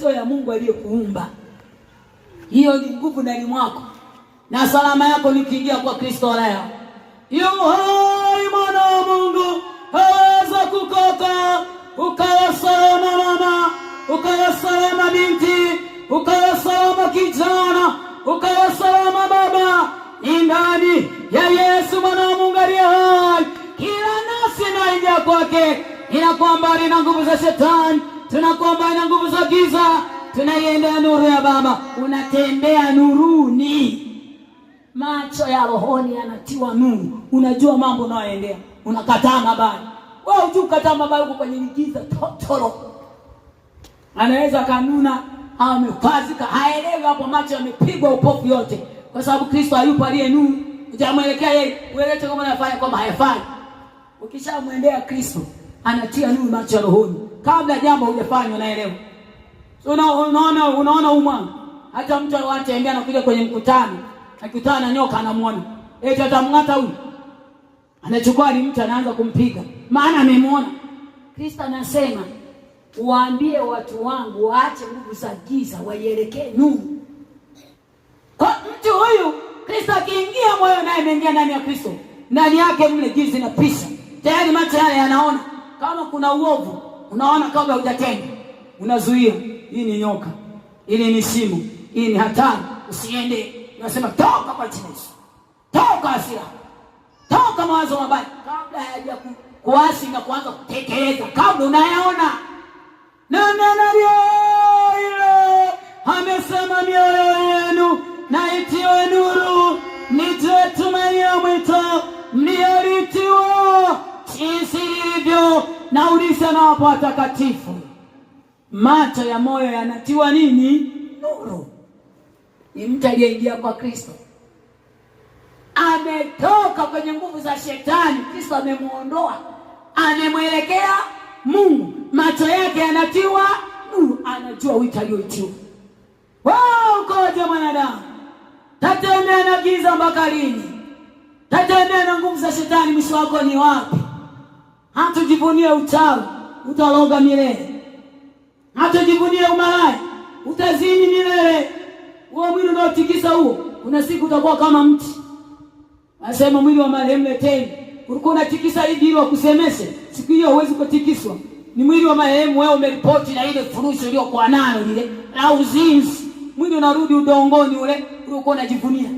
sio ya Mungu aliyekuumba. Hiyo ni nguvu ndani mwako, na salama yako ni kwa Kristo leo. Hiyo hai mwana wa Mungu haweza kukoka, ukawa salama mama, ukawa salama binti, ukawa salama kijana, ukawa salama baba, ni ndani ya Yesu mwana wa Mungu aliye hai, kila nafsi inaingia kwake inakwamba lina nguvu za shetani, tunakwamba ina nguvu za giza, tunaiendea nuru ya Baba. Unatembea nuruni, macho ya rohoni yanatiwa nuru. Unajua mambo unayoendea, unakataa mabaya. Wewe hujui kukataa mabaya, uko kwenye giza totoro. Anaweza kanuna amekazika, haelewi hapo, macho yamepigwa upofu yote, kwa sababu Kristo hayupo aliye nuru. Ujamwelekea yeye, uelete kama anafanya kama hayafanyi. Ukishamwendea Kristo anatia nuru macho ya rohoni kabla jambo hujafanywa, naelewa. So unaona, unaona umwa hata mtu anatembea anakuja kwenye mkutano akikutana na nyoka anamwona, eti eh, atamng'ata huyu, anachukua ni mtu anaanza kumpiga, maana amemwona. Kristo anasema waambie watu wangu waache nguvu za giza waielekee nuru. Kwa mtu huyu Kristo akiingia moyo, naye ameingia ndani ya Kristo, ndani yake mle giza na pisa tayari, macho yale yanaona kama kuna uovu unaona kabla hujatenda unazuia. Hii ni nyoka, ili ni simu, hii ni hatari, usiende. Unasema toka kwa jina toka asira toka mawazo mabaya, kabla hayaja kuasi na kuanza kutekeleza, kabla unayaona na ile amesema mioyo yenu na itiweni na wapo watakatifu. Macho ya moyo yanatiwa nini? Nuru. Ni mtu aliyeingia kwa Kristo, ametoka kwenye nguvu za shetani. Kristo amemuondoa, amemwelekea Mungu, macho yake yanatiwa nuru, anajua wito aliyoitiwa. Wow, ukoje mwanadamu? Tatembea na giza mpaka lini? Tatembea na nguvu za shetani, mwisho wako ni wapi? Hatujivunie uchawi, utaloga milele. Hatujivunie umalaya, utazini milele. Huo mwili unaotikisa huo, kuna siku utakuwa kama mti. Anasema mwili wa marehemu leteni. Ulikuwa unatikisa hivi ili wakusemeshe, siku hiyo huwezi kutikiswa. Ni mwili wa marehemu, wewe umeripoti na ile furushi iliyokuwa nayo ile na uzinzi, mwili unarudi udongoni ule uliokuwa unajivunia.